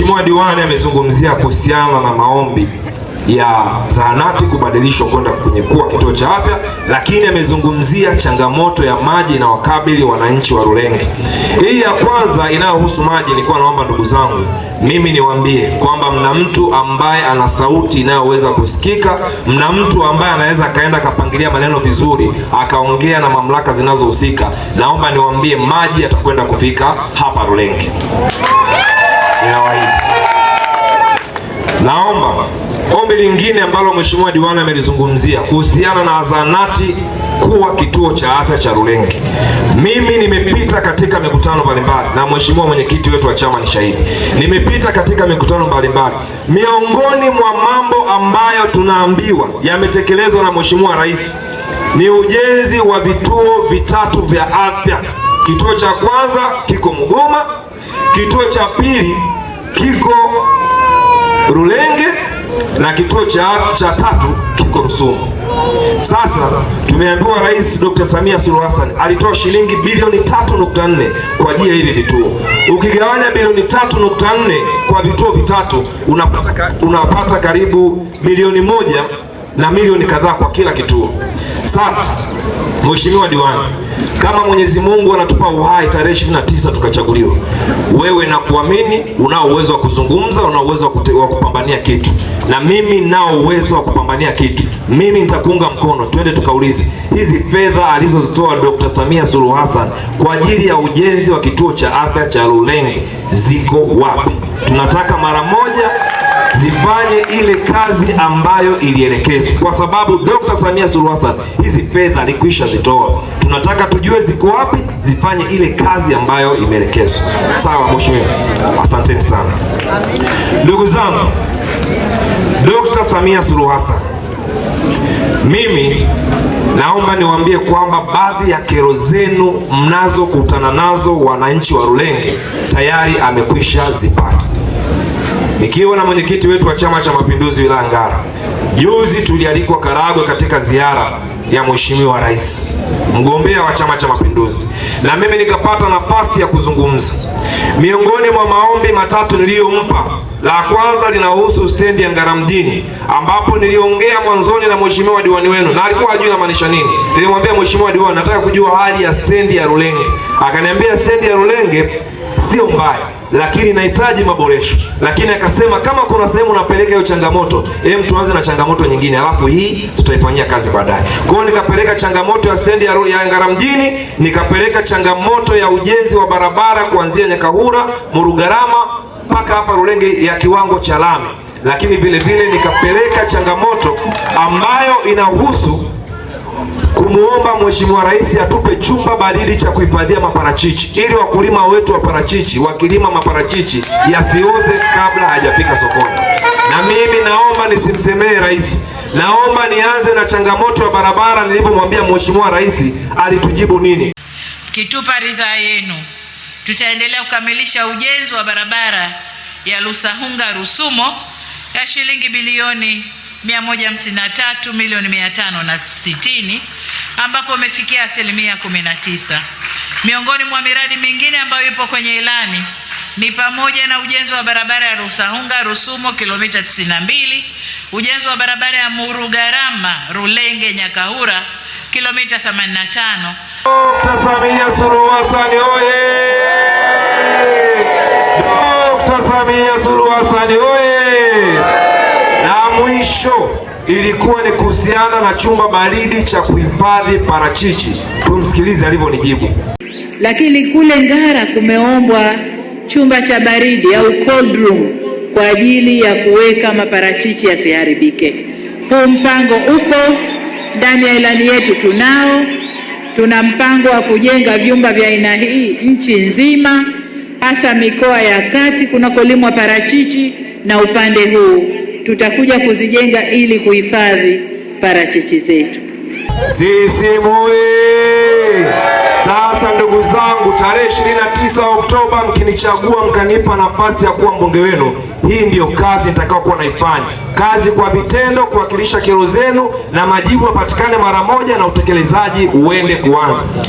Mheshimiwa diwani amezungumzia kuhusiana na maombi ya zahanati kubadilishwa kwenda kwenye kuwa kituo cha afya, lakini amezungumzia changamoto ya maji na wakabili wananchi wa Rulenge. Hii ya kwanza inayohusu maji, nilikuwa naomba ndugu zangu, mimi niwaambie kwamba mna mtu ambaye ana sauti inayoweza kusikika, mna mtu ambaye anaweza akaenda akapangilia maneno vizuri, akaongea na mamlaka zinazohusika. Naomba niwaambie maji yatakwenda kufika hapa Rulenge ninawaahidi. Naomba ombi lingine ambalo mheshimiwa diwani amelizungumzia kuhusiana na zahanati kuwa kituo cha afya cha Rulenge. Mimi nimepita katika mikutano mbalimbali na mheshimiwa mwenyekiti wetu wa chama ni shahidi, nimepita katika mikutano mbalimbali. Miongoni mwa mambo ambayo tunaambiwa yametekelezwa na mheshimiwa rais ni ujenzi wa vituo vitatu vya afya. Kituo cha kwanza kiko Mgoma, Kituo cha pili kiko Rulenge na kituo cha, cha tatu kiko Rusumo. Sasa tumeambiwa Rais Dr. Samia Suluhu Hassan alitoa shilingi bilioni 3.4 kwa ajili ya hivi vituo. Ukigawanya bilioni 3.4 kwa vituo vitatu unapata, unapata karibu milioni moja na milioni kadhaa kwa kila kituo. Sasa Mheshimiwa Diwani kama Mwenyezi Mungu anatupa uhai tarehe 29 tukachaguliwa, wewe na kuamini, unao uwezo wa kuzungumza, unao uwezo wa kupambania kitu, na mimi nao uwezo wa kupambania kitu. Mimi nitakuunga mkono, twende tukaulize hizi fedha alizozitoa Dr. Samia Suluhu Hassan kwa ajili ya ujenzi wa kituo cha afya cha Lulenge ziko wapi? Tunataka mara moja zifanye ile kazi ambayo ilielekezwa, kwa sababu Dr. Samia Suluhu Hassan hizi fedha alikwisha zitoa. Tunataka tujue ziko wapi, zifanye ile kazi ambayo imeelekezwa. Sawa mheshimiwa, asanteni sana ndugu zangu. Dr. Samia Suluhu Hassan, mimi naomba niwaambie kwamba baadhi ya kero zenu mnazokutana nazo wananchi wa Rulenge tayari amekwisha zipata nikiwa na mwenyekiti wetu wa Chama cha Mapinduzi wilaya Ngara, juzi tulialikwa Karagwe katika ziara ya Mheshimiwa Rais, mgombea wa Chama cha Mapinduzi, na mimi nikapata nafasi ya kuzungumza. Miongoni mwa maombi matatu niliyompa, la kwanza linahusu stendi ya Ngara mjini, ambapo niliongea mwanzoni na mheshimiwa diwani wenu, na alikuwa hajui namaanisha nini. Nilimwambia mheshimiwa diwani, nataka kujua hali ya stendi ya Rulenge. Akaniambia stendi ya Rulenge sio mbaya lakini inahitaji maboresho. Lakini akasema kama kuna sehemu unapeleka hiyo changamoto, hem, eh, tuanze na changamoto nyingine, alafu hii tutaifanyia kazi baadaye. Kwa hiyo nikapeleka changamoto ya stendi ya ya Ngara mjini, nikapeleka changamoto ya ujenzi wa barabara kuanzia Nyakahura Murugarama mpaka hapa Rulenge ya kiwango cha lami, lakini vile vile nikapeleka changamoto ambayo inahusu kumwomba Mheshimiwa Rais atupe chumba baridi cha kuhifadhia maparachichi ili wakulima wetu wa parachichi wakilima maparachichi yasioze kabla hajafika sokoni. Na mimi naomba nisimsemee rais, naomba nianze na changamoto ya barabara. Nilivyomwambia Mheshimiwa Rais alitujibu nini? Mkitupa ridhaa yenu, tutaendelea kukamilisha ujenzi wa barabara ya Lusahunga Rusumo ya shilingi bilioni 153 milioni sitini ambapo umefikia asilimia 19. Miongoni mwa miradi mingine ambayo ipo kwenye ilani ni pamoja na ujenzi wa barabara ya Rusahunga Rusumo kilomita 92, ujenzi wa barabara ya Murugarama Rulenge Nyakahura kilomita 85. Dkt. Samia Suluhu Hassan oye! ilikuwa ni kuhusiana na chumba baridi cha kuhifadhi parachichi. Tumsikilize alivyonijibu. Lakini kule Ngara kumeombwa chumba cha baridi au cold room kwa ajili ya kuweka maparachichi yasiharibike. Huu mpango upo ndani ya ilani yetu, tunao tuna mpango wa kujenga vyumba vya aina hii nchi nzima, hasa mikoa ya kati kunakolimwa parachichi na upande huu tutakuja kuzijenga ili kuhifadhi parachichi zetu. Sisi hii sasa, ndugu zangu, tarehe 29 Oktoba mkinichagua mkanipa nafasi ya kuwa mbunge wenu, hii ndiyo kazi nitakayokuwa naifanya, kazi kwa vitendo, kuwakilisha kero zenu, na majibu yapatikane mara moja na utekelezaji uende kuanza.